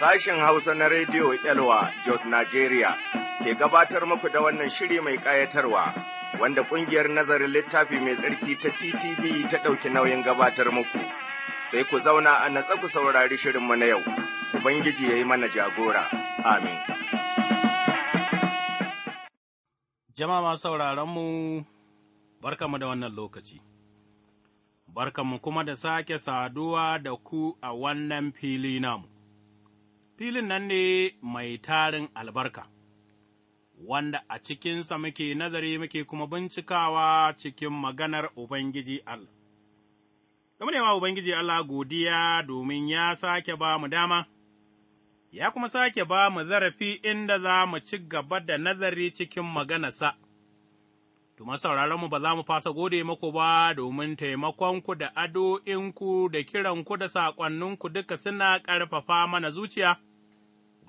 Sashen Hausa na Rediyo Elwa Jos Nigeria ke gabatar muku da wannan shiri mai ƙayatarwa wanda ƙungiyar nazarin littafi mai tsarki ta TTV ta ɗauki nauyin gabatar muku. Sai ku zauna a natsa ku saurari shirinmu na yau, Ubangiji ya yi mana jagora. Amin. Jama'a sauraronmu, barkamu da wannan lokaci. Barkamu kuma da sake saduwa da ku a wannan fili namu, filin nan ne mai tarin albarka, wanda a cikinsa muke nazari muke kuma bincikawa cikin maganar Ubangiji Allah. Game yawa Ubangiji Allah godiya domin ya sake ba mu dama, ya kuma sake ba mu zarafi inda za mu ci gaba da nazari cikin maganarsa. Tuma sauraronmu ba za mu fasa gode maku ba domin taimakonku da ado'inku da kiranku da saƙonninku duka suna ƙarfafa mana zuciya,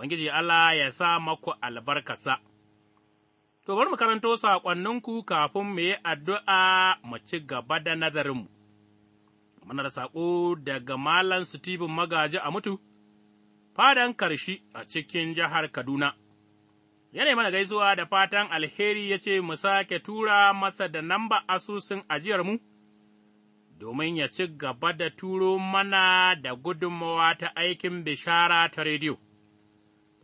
Ubangiji Allah ya sa maku albarkasa. To, bari mu karanto saƙonninku kafin mu yi addu'a mu ci gaba da nazarinmu. Muna da saƙo daga Malam Stephen Magaji a mutu, fadan karshi a cikin jihar Kaduna. Yanayi mana gaisuwa da fatan alheri ya ce mu sake tura masa da namba asusun ajiyarmu, domin ya ci gaba da turo mana da gudunmawa ta aikin bishara ta rediyo.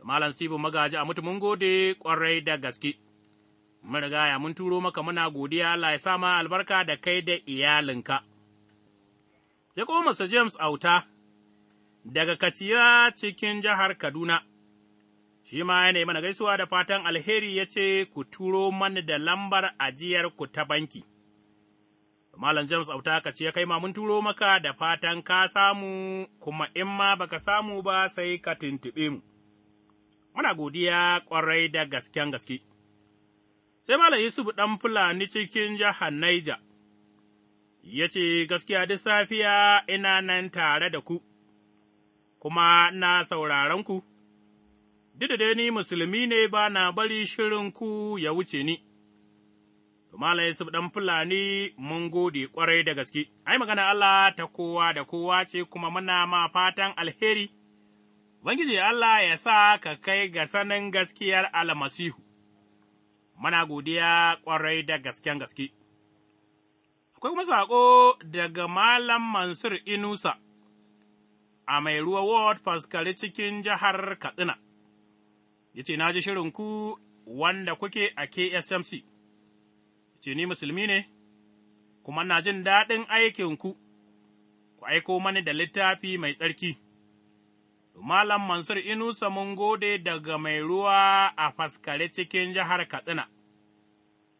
Malam Stephen magaji a mutu gode ƙwarai da gaske. Mun rigaya mun turo maka muna godiya Allah ya sama albarka da kai da iyalinka. Ya koma Sir James Auta daga Kaciya cikin jihar Kaduna, shi ma ya mana gaisuwa da fatan alheri ya ce ku turo mana da lambar ajiyarku ta banki. Malam James auta ka ce kai ma mun turo maka da fatan ka samu kuma in ma baka samu ba sai ka tuntuɓe mu. muna godiya ƙwarai da gasken gaske. Sai Malam Yusuf ɗan Fulani cikin jihar Naija, ya ce, Gaskiya duk safiya ina nan tare da ku, kuma na sauraron ku, duk da dai ni musulmi ne ba na bari shirin ku ya wuce ni. Malam Yusuf ɗan Fulani mun gode ƙwarai da gaske, ai magana Allah ta kowa da kowa ce kuma muna ma fatan alheri. Ubangiji Allah ya sa ka kai ga sanin gaskiyar almasihu, mana godiya ƙwarai da gasken gaske. Akwai kuma saƙo daga Malam Mansur Inusa a mai ruwa Ward faskari cikin jihar Katsina, ya ce, Na ji shirinku wanda kuke a KSMC, ce ni musulmi ne, kuma na jin daɗin aikinku, ku aiko mani da littafi mai tsarki. Malam Mansur Inusa mun gode daga mai ruwa a faskare cikin jihar Katsina,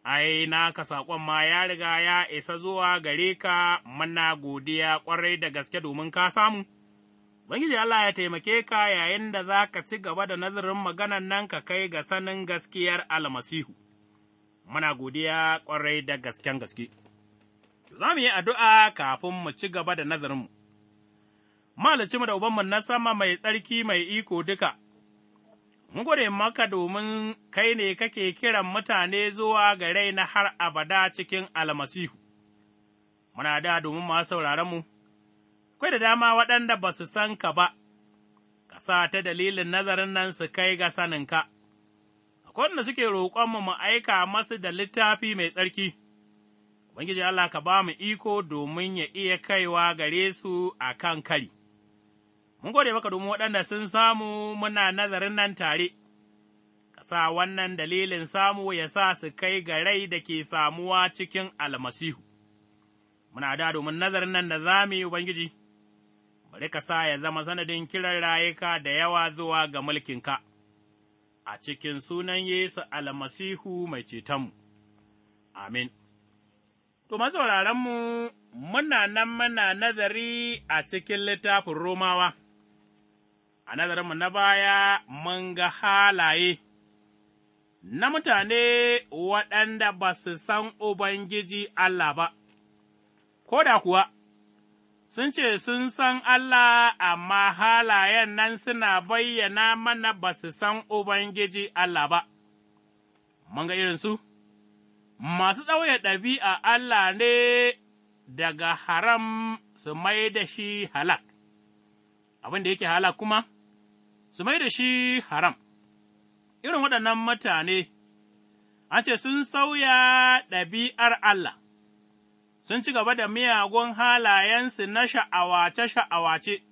ai, naka saƙon ma ya riga ya isa zuwa gare ka mana godiya ƙwarai da gaske domin ka samu. Bangiji Allah ya taimake ka yayin da za ka ci gaba da nazarin maganan nan ka kai ga sanin gaskiyar almasihu. Muna godiya ƙwarai da gasken gaske. Za mu yi addu'a kafin mu ci gaba da nazarinmu. mu da Ubanmu na sama mai tsarki mai iko duka, mun gode maka domin kai ne kake kiran mutane zuwa ga rai na har abada cikin almasihu. Muna da domin masu mu. kai da dama waɗanda ba su san ka ba, ka sa ta dalilin nazarin nan su kai ga saninka, akwai wanda suke roƙonmu mu aika masu da littafi mai tsarki. Ubangiji Allah ka ba mu iko domin ya iya kaiwa gare su a kan kari. mun gode maka domin waɗanda sun samu muna nazarin nan tare, ka sa wannan dalilin samu ya sa su kai ga rai da ke samuwa cikin almasihu. Muna da domin nazarin nan da za mu yi Ubangiji, bari ka sa ya zama sanadin kiran rayuka da yawa zuwa ga mulkinka, a cikin sunan Yesu almasihu mai cetonmu. Amin. To, masu masauraranmu, muna nan muna nazari a cikin littafin Romawa. a nazarinmu na baya mun ga halaye na mutane waɗanda ba su san Ubangiji Allah ba, ko da kuwa sun ce sun san Allah amma halayen nan suna bayyana mana ba su san Ubangiji Allah ba, mun ga irinsu, masu ɗauye ɗabi'a Allah ne daga haram su mai da shi halak, abin da yake halak kuma? su mai da shi haram, irin waɗannan mutane, an ce sun sauya ɗabi'ar Allah, sun ci gaba da miyagun halayensu na sha'awace-sha'awace,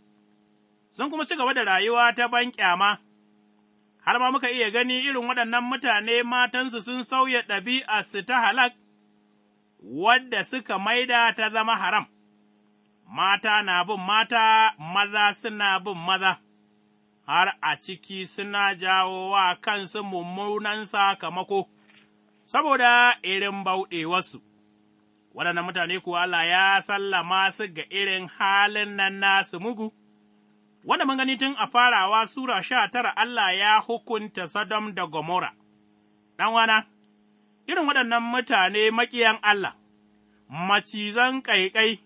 sun kuma ci gaba da rayuwa ta ban ƙyama. har ma muka iya gani irin waɗannan mutane matansu sun sauya ɗabi'arsu ta halak, wadda suka maida ta zama haram. Mata na bin mata, maza suna bin maza. har a ciki suna jawo wa kansu mummunan sakamako, saboda irin bauɗewarsu. Waɗannan mutane kuwa Allah ya sallama su ga irin halin nan nasu mugu, wanda mun tun a farawa Sura sha tara Allah ya hukunta Sodom da Gomora. wana, irin waɗannan mutane maƙiyan Allah, macizan ƙaiƙai,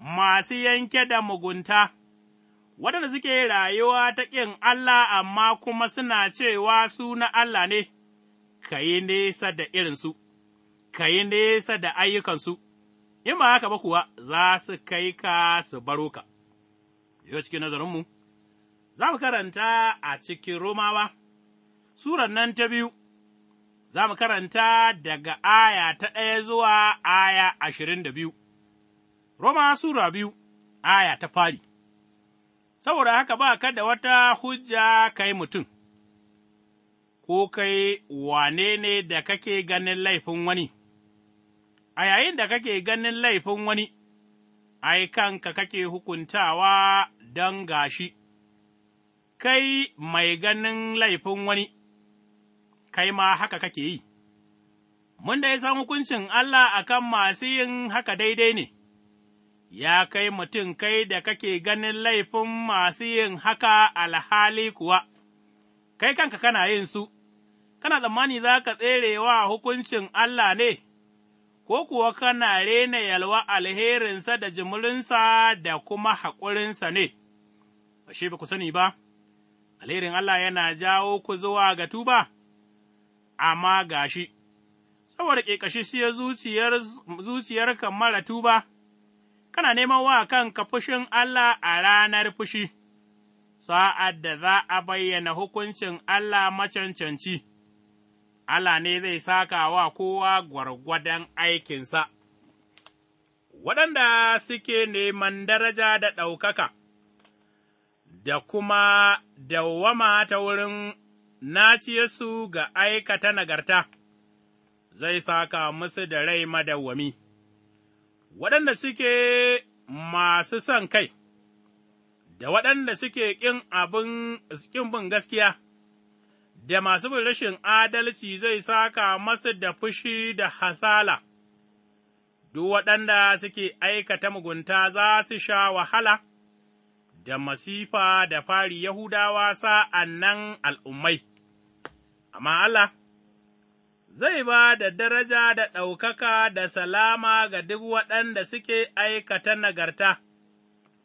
masu yanke da mugunta. waɗanda suke rayuwa ta ƙin Allah amma kuma suna cewa su na Allah ne, ka yi nesa da irinsu, ka yi nesa da ayyukansu, in ba haka ba kuwa za su kai ka su baro ka. Yau cikin nazarinmu, za mu karanta a cikin Romawa, Surar nan ta biyu, za mu karanta daga aya ta ɗaya zuwa aya ashirin da biyu, Roma Sura biyu, aya ta fari. saboda haka ba ka da wata hujja kai mutum, ko kai wane ne da kake ganin laifin wani, a yayin da kake ganin laifin wani, ai kanka kake hukuntawa don gashi, kai mai ganin laifin wani, kai ma haka kake yi. Mun dai san hukuncin Allah a kan masu yin haka daidai ne. ya kai mutum kai da kake ganin laifin masu yin haka alhali kuwa, kai kanka kana yin su, kana tsammani za ka tserewa hukuncin Allah ne, ko kuwa kana rena yalwa alherinsa da jimurinsa da kuma haƙurinsa ne, ashe ba ku sani ba, alherin Allah yana jawo ku zuwa ga tuba, amma ga shi. saboda ƙeƙashi zuciyarka mara tuba. kana neman wa kanka fushin Allah a ranar fushi, sa'ad da za a bayyana hukuncin Allah macancanci, Allah ne zai saka wa kowa gwargwadon aikinsa. Waɗanda suke neman daraja da ɗaukaka, da kuma dawwama ta wurin su ga aikata nagarta, zai saka musu da rai madawwami. waɗanda suke masu son kai, da waɗanda suke ƙin abin ƙin bin gaskiya, da masu bin rashin adalci zai saka masu da fushi da hasala, duk waɗanda suke aikata mugunta za su sha wahala, da masifa da fari Yahudawa sa'an nan al'ummai, amma Allah. zai ba da daraja da ɗaukaka da salama ga duk waɗanda suke aikata nagarta,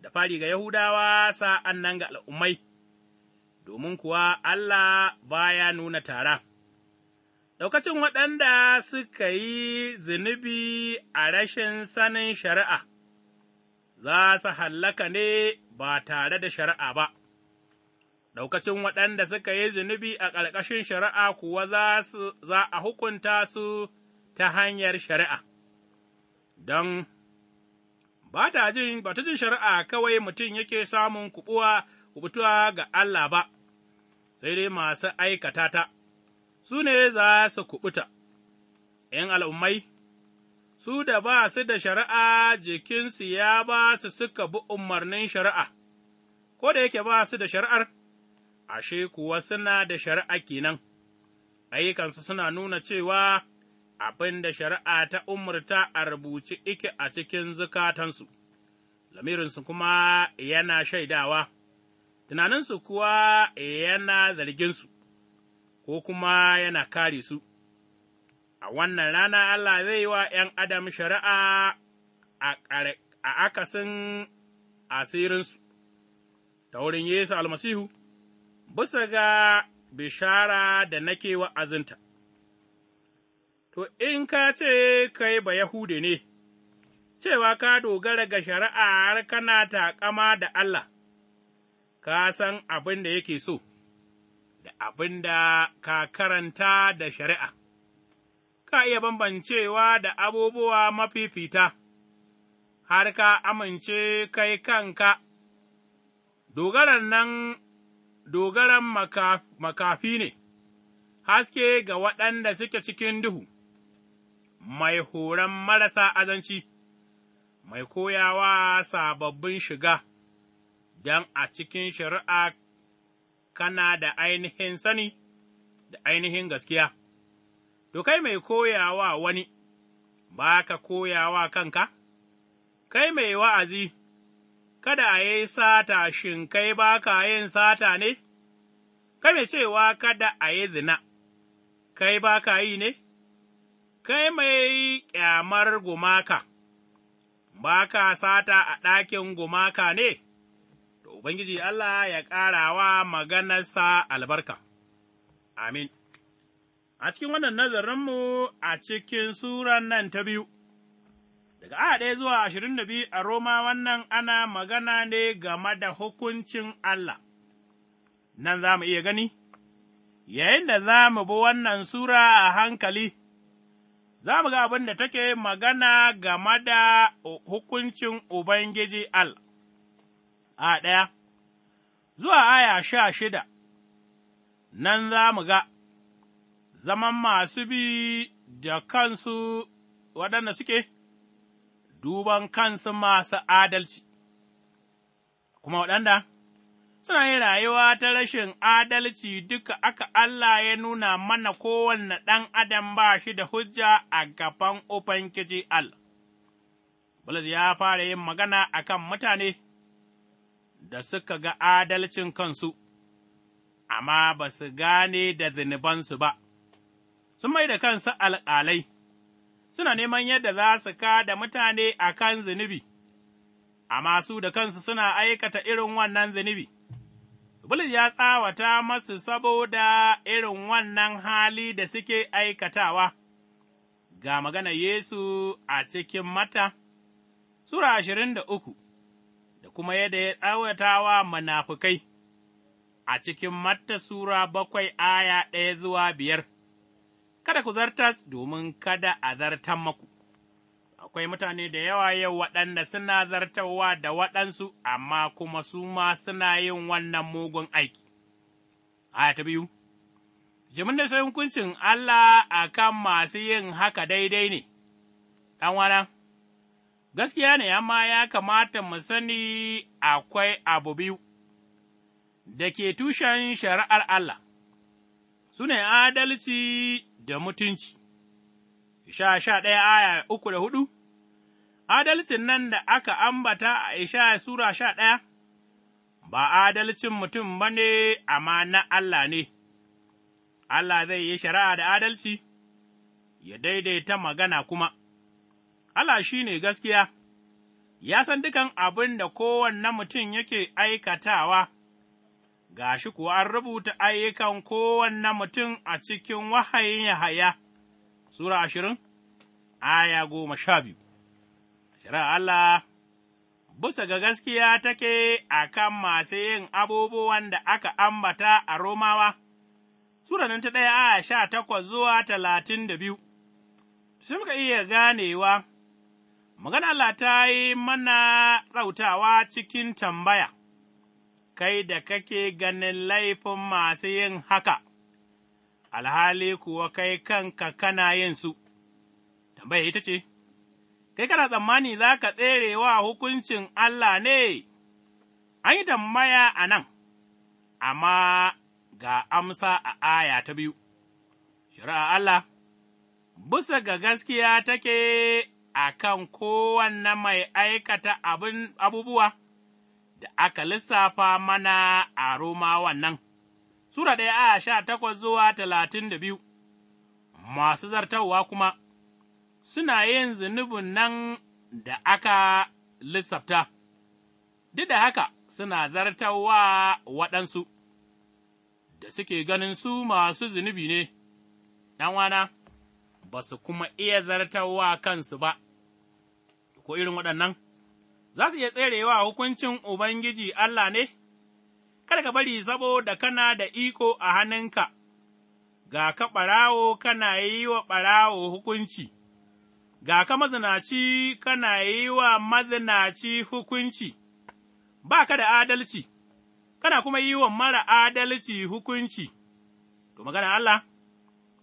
da fari ga Yahudawa sa'an nan ga al'ummai, domin kuwa Allah baya nuna tara. Ɗaukacin waɗanda suka yi zunubi a rashin sanin shari'a, za su hallaka ne ba tare da shari'a ba. ɗaukacin waɗanda suka yi zunubi a ƙarƙashin shari'a kuwa za a hukunta su ta hanyar shari'a, don ba ta jin ba ta jin shari'a kawai mutum yake samun kuɓuwa kubutuwa ga Allah ba, sai dai masu aikata ta, su ne za su kuɓuta, ’yan al'ummai, su da ba su da shari'a jikinsu ya ba su suka bi umarnin shari'a, ko da yake ba su da shari'ar. ashe kuwa suna da shari'a kenan, ayyukansu suna nuna cewa abin da shari'a ta umarta a rubuce ike a cikin zukatansu, lamirinsu kuma yana shaidawa, tunaninsu kuwa yana zarginsu, ko kuma yana kare su. A wannan rana Allah zai wa ’yan Adam shari'a a akasin asirinsu, ta wurin Yesu almasihu. bisa ga bishara da nake wa'azinta, to, in ka ce kai ba Yahude ne, cewa ka dogara ga shari'a har kana taƙama da Allah, ka san abin da yake so, da abin da ka karanta da shari'a, ka iya bambancewa da abubuwa mafifita, har ka amince kai kanka, dogaran nan dogaran makafi ne, haske ga waɗanda suke cikin duhu, mai horon marasa azanci, mai koyawa sababbin shiga, don a cikin shari'a kana da ainihin sani da ainihin gaskiya, to kai mai koyawa wani, ba ka koyawa kanka, kai mai wa'azi. kada a yi sata shin kai ba ka yin sata ne? kame cewa kada a yi zina, kai ba ka yi ne? Kai mai ƙyamar gumaka, ba ka sata a ɗakin gumaka ne? To, Ubangiji Allah ya ƙara ƙarawa maganarsa albarka. Amin. A cikin wannan nazarinmu a cikin suran nan ta biyu. Daga a ɗaya zuwa ashirin da biyu a Roma wannan ana magana ne game da hukuncin Allah, nan za mu iya gani, yayin da za mu bi wannan Sura a hankali, za mu ga abin da take magana game da hukuncin Ubangiji Allah. A ɗaya, zuwa aya sha shida, nan za mu ga zaman masu bi da kansu waɗanda suke. duban kansu masu adalci, kuma waɗanda suna yin rayuwa ta rashin adalci duka aka Allah ya nuna mana kowanne ɗan adam ba shi da hujja a gaban Ubangiji Allah. Bulus ya fara yin magana a kan mutane da suka ga adalcin kansu, amma ba su gane da zunubansu ba, sun mai da kansu alƙalai. suna neman yadda za su kada mutane a kan zunubi, amma su da kansu suna aikata irin wannan zunubi. Bulus ya tsawata masu saboda irin wannan hali da suke aikatawa, ga magana Yesu a cikin mata, Sura ashirin da uku, da kuma yadda ya tsawata wa munafukai a cikin mata Sura bakwai aya ɗaya zuwa biyar. kada ku zartas domin kada a zartan maku. Akwai mutane da yawa yau waɗanda suna zartawa da waɗansu, amma kuma su ma suna yin wannan mugun aiki. Aya ta biyu, jimin da sai hukuncin Allah a kan masu yin haka daidai ne, ɗanwana, gaskiya ne, amma ya kamata mu sani akwai abu biyu da ke tushen shari'ar Allah, su ne adalci da mutunci. Isha sha ɗaya aya uku da hudu Adalcin nan da aka ambata a Isha Sura sha ɗaya, ba adalcin mutum ba ne, amma na Allah ne, Allah zai yi shari'a da adalci, ya daidaita magana kuma. Allah shi ne gaskiya, ya san dukan abin da kowanne mutum yake aikatawa. ga shi kuwa an rubuta ayyukan kowanne mutum a cikin wahayin Yahaya, Sura ashirin, aya goma sha biyu. Shari'a Allah, bisa ga gaskiya take a kan masu yin abubuwan da aka ambata a Romawa, Sura nan ta ɗaya aya sha takwas zuwa talatin da biyu, sun ka iya ganewa, magana Allah ta yi mana rautawa cikin tambaya. kai da kake ganin laifin masu yin haka, alhali kuwa kai kanka kana yin su, tambaya ita ce, Kai kana tsammani za ka tsere wa hukuncin Allah ne, an yi tambaya a nan, amma ga amsa a aya ta biyu, shari'a Allah, bisa ga gaskiya take a kan kowanne mai aikata abubuwa. da aka lissafa mana a Roma nan, Sura ɗaya a sha takwas zuwa talatin da biyu, masu zartarwa kuma suna yin zunubin nan da aka lissafta, duk da haka suna zartarwa waɗansu, da suke ganin su masu zunubi ne, ɗanwana, ba su kuma iya zartarwa kansu ba, ko irin waɗannan. za su iya tserewa hukuncin Ubangiji Allah ne, kada ka bari saboda kana da iko a hannunka, ga ka ɓarawo kana yi wa ɓarawo hukunci, ga ka mazinaci kana yi wa mazinaci hukunci, ba ka da adalci, kana kuma yi wa mara adalci hukunci, to magana Allah.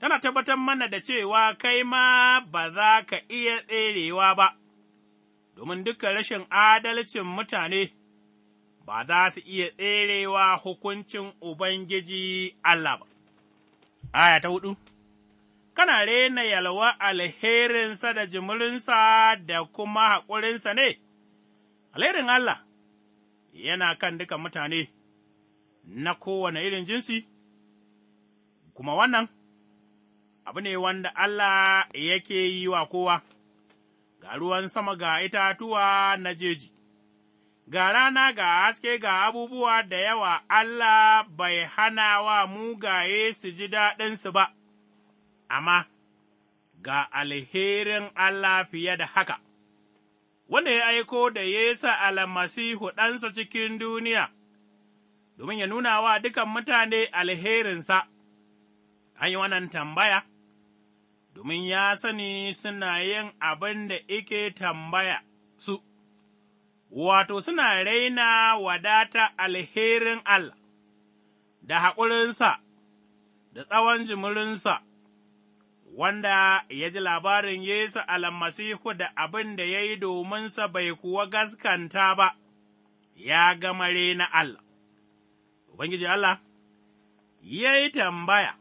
Tana tabbatar mana da cewa kai ma ba za ka iya tserewa ba. domin dukkan rashin adalcin mutane ba za su iya tserewa hukuncin Ubangiji Allah ba. Aya ta hudu Kana rena yalwa alherinsa da jimurinsa da kuma haƙurinsa ne, alherin Allah yana kan duka mutane na kowane irin jinsi, kuma wannan abu ne wanda Allah yake yi wa kowa. ga ruwan sama ga itatuwa na jeji, ga rana ga haske ga abubuwa da yawa Allah bai hana wa mugaye su ji daɗinsu ba, amma ga alherin Allah fiye da haka, wanda ya aiko da Yesu almasihu ɗansa cikin duniya, domin ya nuna wa dukan mutane alherinsa, an yi wannan tambaya. domin ya sani suna yin abin da ike tambaya su, wato suna raina wadata alherin Allah, da haƙurinsa, da tsawon jimurinsa wanda ya ji labarin Yesu almasihu da abin da ya yi dominsa bai kuwa gaskanta ba, ya gama na Allah. Ubangiji Allah, ya yi tambaya,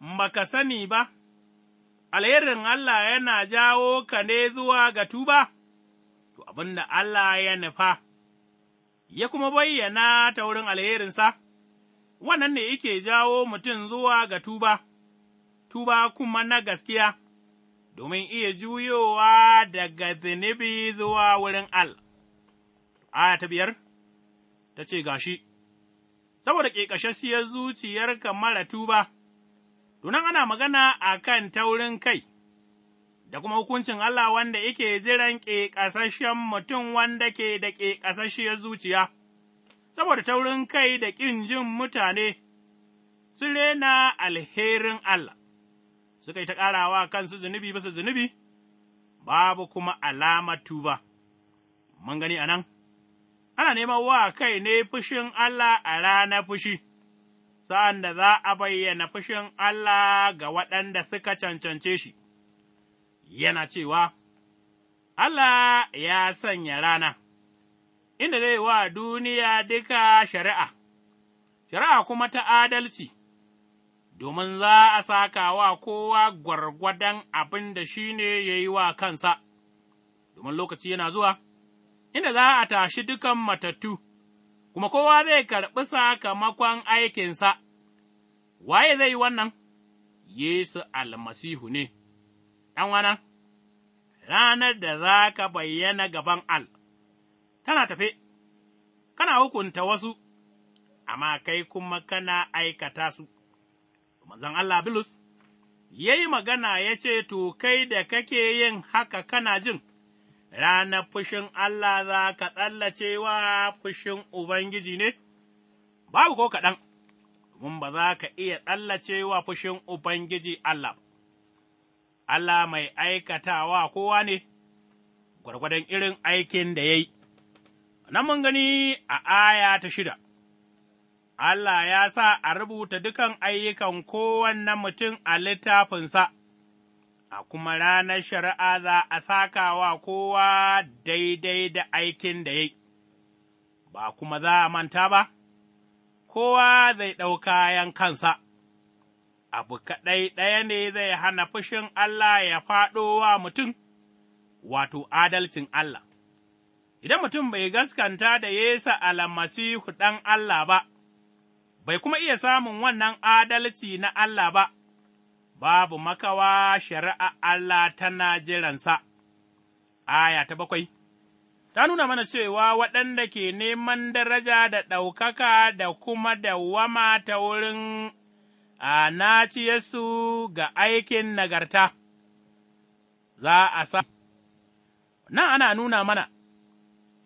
Baka sani ba, alherin Allah yana jawo ka ne zuwa ga tuba, to abin da Allah ya nufa, ya kuma bayyana ta wurin alherinsa, wannan ne yake jawo mutum zuwa ga tuba, tuba kuma na gaskiya, domin iya juyowa daga zunubi zuwa wurin Allah. Aya ta biyar, ta ce gashi, saboda ƙeƙashasshiyar zuciyarka mara tuba. tunan ana magana a kan taurin kai, da kuma hukuncin Allah wanda yake ziran ƙeƙasashen mutum wanda ke da ƙeƙasasshiyar zuciya, saboda taurin kai da ƙin jin mutane, su rena alherin Allah, suka yi ta ƙarawa kansu zunubi bisa zunubi, babu kuma alamatu tuba. Mun gani a nan, ana neman wa kai ne fushin Allah a ranar fushi. sa'an da za a bayyana fushin Allah ga waɗanda suka cancance shi, yana cewa, Allah ya sanya rana, inda zai wa duniya duka shari'a, shari'a kuma ta adalci, domin za a saka wa kowa gwargwadon abin da shi ne ya yi wa kansa, domin lokaci yana zuwa, inda za a tashi dukan matattu. kuma kowa zai karɓi sakamakon aikinsa, waye zai yi wannan? Yesu almasihu ne, ’yan ranar da za ka bayyana gaban al, tana tafe, kana hukunta wasu, amma kai kuma kana aikata su, manzon Allah Bilus. ya yi magana ya ce, To, kai da kake yin haka kana jin, ranar fushin Allah za ka tsallace wa fushin Ubangiji ne, babu ko kaɗan, domin ba za ka iya tsallacewa fushin Ubangiji Allah Allah mai aikatawa kowa ne, gwargwadon irin aikin da ya yi, nan mun gani a aya ta shida. Allah ya sa a rubuta dukan ayyukan kowanne mutum a littafinsa, a kuma ranar shari'a za a saka wa kowa daidai da aikin da ya ba kuma za a manta ba, kowa zai ɗau kayan kansa. Abu kaɗai ɗaya ne zai hana fushin Allah ya faɗo wa mutum, wato adalcin Allah. idan mutum bai gaskanta da Yesu almasihu ɗan Allah ba, bai kuma iya samun wannan adalci na Allah ba, babu makawa shari'a Allah tana jiransa. Aya ta bakwai Ta nuna mana cewa waɗanda ke neman daraja da ɗaukaka da kuma dawama ta wurin a Yesu ga aikin nagarta, za a sa. Nan ana nuna mana,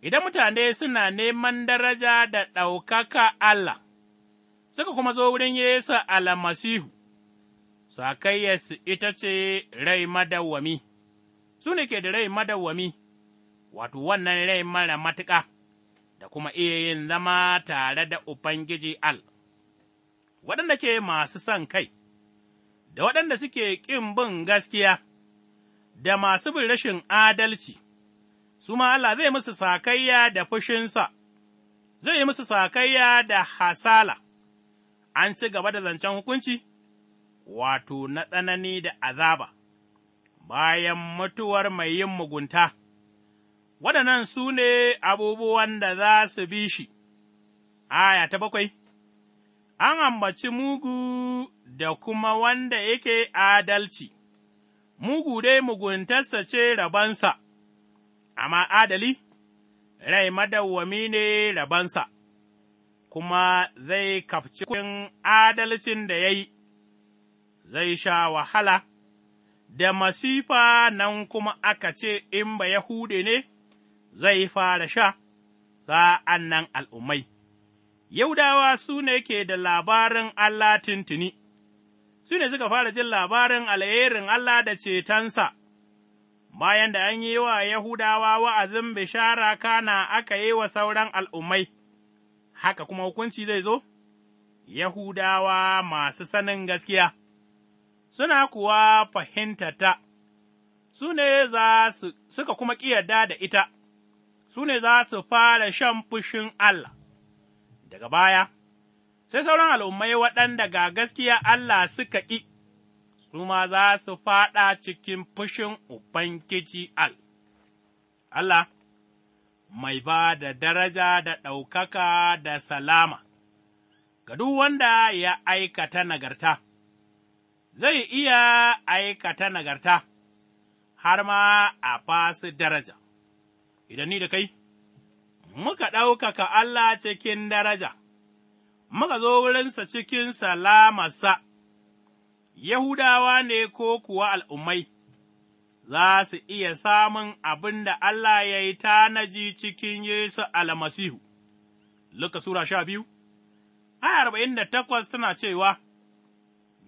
idan mutane suna neman daraja da ɗaukaka Allah, suka kuma zo wurin Yesu almasihu. sakayyarsu ita ce rai madawwami, su ne ke da rai madawwami, wato wannan rai mara matuƙa, da kuma iya yin zama tare da Ubangiji Al, waɗanda ke masu son kai, da waɗanda suke ƙin bin gaskiya, da masu bin rashin adalci, su ma Allah zai musu sakayya da fushinsa, zai yi musu sakayya da hasala, an ci gaba da zancen hukunci? wato na tsanani da azaba, bayan mutuwar mai yin mugunta, waɗannan su ne abubuwan da za su bi shi, aya ta bakwai, an ambaci mugu da kuma wanda yake adalci, mugu dai muguntarsa ce rabansa, amma adali, rai madawwami ne rabansa. kuma zai kafci adalcin da ya yi. zai sha wahala da masifa nan kuma aka ce in ba Yahude ne zai fara sha, sa'an nan al'ummai. Yahudawa su ne ke da labarin Allah tintini, su ne suka fara jin labarin alherin Allah da cetonsa, bayan da an yi wa Yahudawa wa'azin bishara kana aka yi wa sauran al'ummai, haka kuma hukunci zai zo, Yahudawa masu sanin gaskiya. suna kuwa fahimtata, su ne za su suka kuma ƙiyarda da ita, su ne za su fara shan fushin Allah. Daga baya, sai sauran al'ummai waɗanda ga gaskiya Allah suka ƙi, su ma za su faɗa cikin fushin Ubangiji Al. Allah, mai ba da daraja da ɗaukaka da salama, ga duk wanda ya aikata nagarta. zai iya aikata nagarta, har ma a fasu daraja, idan ni da kai, muka ɗaukaka Allah cikin daraja, muka zo wurinsa cikin salamarsa, Yahudawa ne ko kuwa al'ummai. za su iya samun abin da Allah ya yi tanaji cikin Yesu almasihu. Luka Sura sha biyu, a arba'in da takwas tana cewa,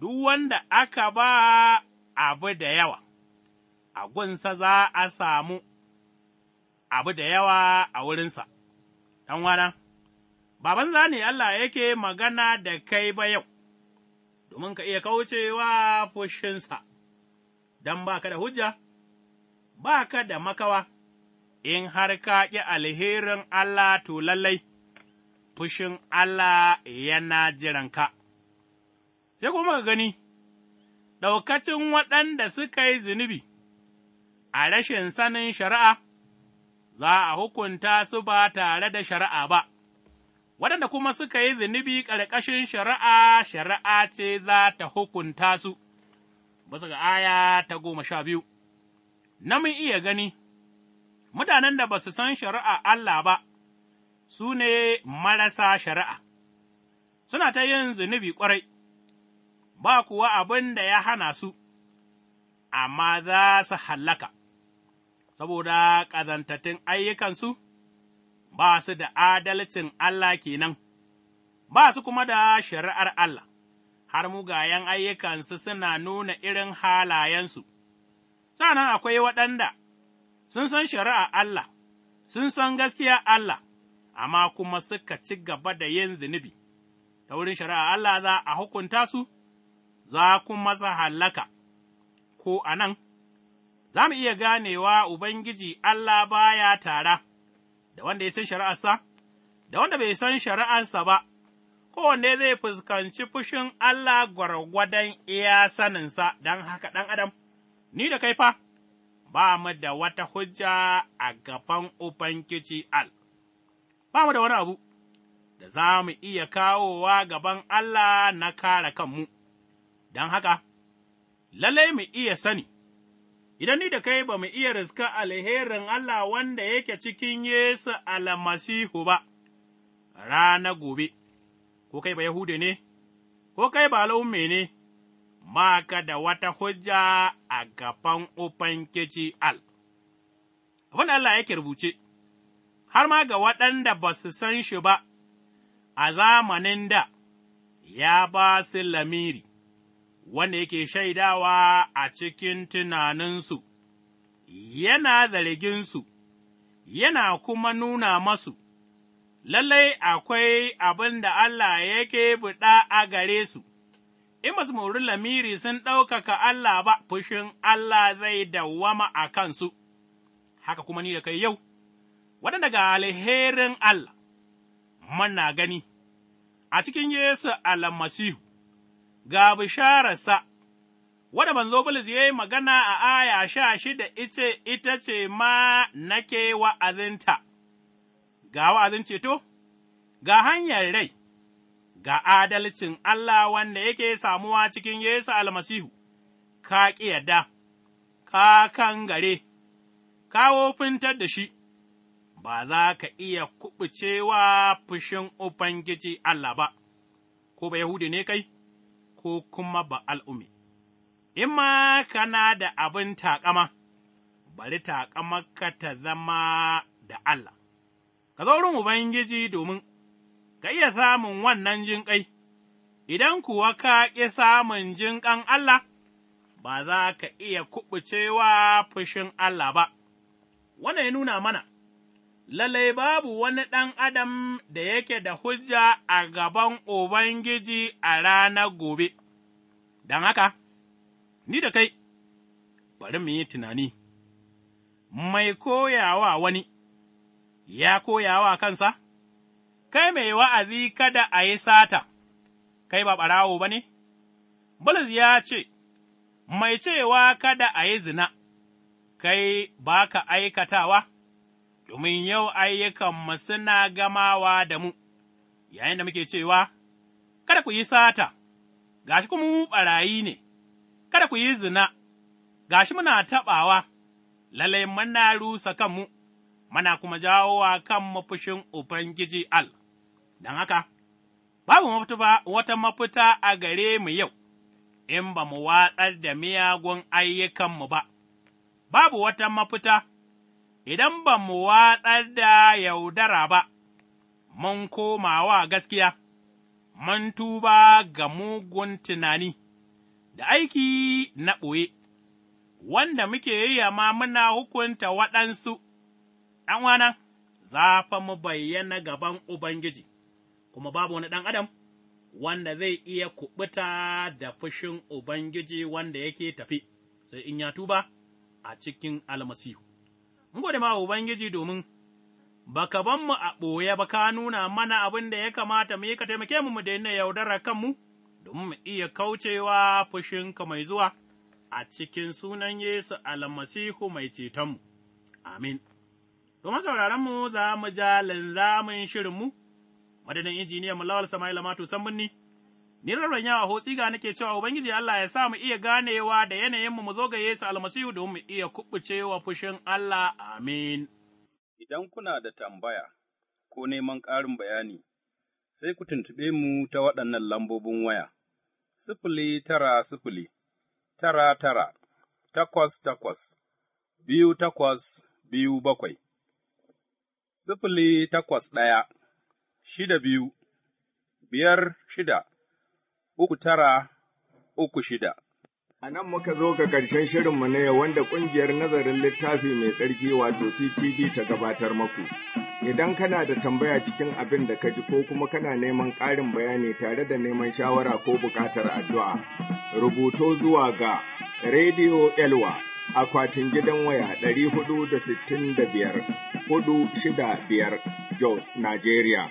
duk wanda aka ba abu da yawa, a gunsa za a samu abu da yawa a wurinsa, ɗanwana, baban za ne Allah yake magana da kai ba yau, domin ka iya kaucewa fushinsa, don ba ka da hujja, ba ka da makawa, in har ka ƙi alherin Allah to lallai, fushin Allah yana jiranka. sai kuma ka gani, ɗaukacin waɗanda suka yi zunubi a rashin sanin shari'a, za a hukunta su ba tare da shari'a ba, waɗanda kuma suka yi zunubi ƙarƙashin shari'a, shari'a ce za ta hukunta su, bisa ga aya ta goma sha biyu. Na mun iya gani, mutanen da ba su san shari'a Allah ba, su ne marasa shari'a, suna ta yin zunubi ƙwarai. ba kuwa abin da ya hana su, amma za su hallaka, saboda ƙazantattun ayyukansu ba su da adalcin Allah kenan, ba su kuma da shari'ar Allah, har mugayen ayyukansu suna nuna irin halayensu, Sannan akwai waɗanda sun san shari'ar Allah, sun san gaskiya Allah, amma kuma suka ci gaba da yin zunubi, ta wurin shari'a Allah za a hukunta su. za ku masa hallaka, ko a nan, za mu iya ganewa Ubangiji Allah baya tara da wanda ya san shari'arsa, da wanda bai san shari'arsa ba, kowanne zai fuskanci fushin Allah gwargwadon iya saninsa don haka ɗan adam, ni da kai fa, ba mu da wata hujja a gaban Ubangiji Al, ba mu da wani abu. da za mu iya kawowa gaban Allah na kare kanmu, don haka, lallai mu iya sani, idan ni da kai ba mu iya riska alherin Allah wanda yake cikin Yesu almasihu ba, rana gobe, ko kai ba Yahude ne, ko kai ba al'umme ne, Maka da wata hujja a gaban Ubangiji Al. Abin Allah yake rubuce, har ma ga waɗanda ba su san shi ba, a zamanin da ya ba su lamiri. wanda yake shaidawa a cikin tunaninsu, yana zarginsu, yana kuma nuna masu, lallai akwai abin da Allah yake buɗa a gare su, in masu mori lamiri sun ɗaukaka Allah ba, fushin Allah zai dawwama a kansu, haka kuma ni da kai yau, waɗanda ga alherin Allah, mana gani, a cikin Yesu almasihu ga bishararsa, wadda manzo Bulus ya yi magana a aya sha shida ita ita ce ma nake wa'azinta, ga wa'azin ceto, ga hanyar rai, ga adalcin Allah wanda yake samuwa cikin Yesu almasihu, ka ƙi yadda, ka gare? Kawo fintar da shi. ba za ka iya kuɓucewa fushin Ubangiji Allah ba, ko ba Yahudi ne kai, ko kuma ba Ba'al'ume, in ma kana da abin taƙama, bari taƙamarka ta zama da Allah, ka zo wurin Ubangiji domin ka iya samun wannan jin ƙai. idan kuwa ka ƙi samun jin ƙan Allah, ba za ka iya kuɓucewa fushin Allah ba, wannan ya nuna mana. lallai babu wani ɗan adam da yake da hujja a gaban Ubangiji a rana gobe, don haka, ni da kai, bari mu yi tunani, mai koyawa wani, ya koyawa kansa, kai mai wa'azi kada a yi sata, kai ba ɓarawo ba ne? Bulus ya ce, Mai cewa kada a yi zina, kai ba ka aikatawa? domin yau ayyukanmu suna gamawa da mu, yayin da muke cewa, Kada ku yi sata, gashi kuma mu ɓarayi ne, kada ku yi zina, gashi muna taɓawa, lallai mana rusa kanmu, muna kuma jawo wa kan fushin Ubangiji Al, don haka, babu wata mafita a gare mu yau, in ba mu watsar da miyagun ayyukanmu ba, babu wata mafita. idan ba mu watsar da yaudara ba, mun koma wa gaskiya, mun tuba ga mugun tunani da aiki na ɓoye, wanda muke yi ma muna hukunta waɗansu, ɗanwana, za fa mu bayyana gaban Ubangiji, kuma babu wani ɗan adam. wanda zai iya kuɓuta da fushin Ubangiji wanda yake tafi, sai in ya tuba a cikin almasihu. mun gode ma Ubangiji domin ba ka ban mu a ɓoye ba ka nuna mana abin da ya kamata mu yi ka taimake mu mu daina yaudarar kanmu domin mu iya kaucewa fushinka mai zuwa a cikin sunan Yesu almasihu mai cetonmu. Amin. Domin sauraronmu za mu ja linzamin shirinmu, madadin injiniyan mu Lawal Sama'ila Matu Sambunni. Ni rarren yawa hotsiga nake cewa Ubangiji Allah ya sa mu iya ganewa da yanayinmu mu zo ga Yesu almasihu don mu iya wa fushin Allah, amin. Idan kuna da tambaya ko neman ƙarin bayani, sai ku tuntuɓe mu ta waɗannan lambobin waya, sifili tara sifili, tara tara, takwas takwas, biyu takwas biyu bakwai, sifili takwas ɗaya, shida biyu, biyar shida. uku tara uku shida. A nan muka zo ga ƙarshen shirinmu ne wanda ƙungiyar nazarin littafi mai tsarki wato TTD ta gabatar maku. Idan kana da tambaya cikin abin da ka ji ko kuma kana neman ƙarin bayani tare da neman shawara ko buƙatar addu'a, rubuto zuwa ga Radio Elwa akwatin gidan waya ɗari da da sittin biyar shida biyar Jos, Nigeria.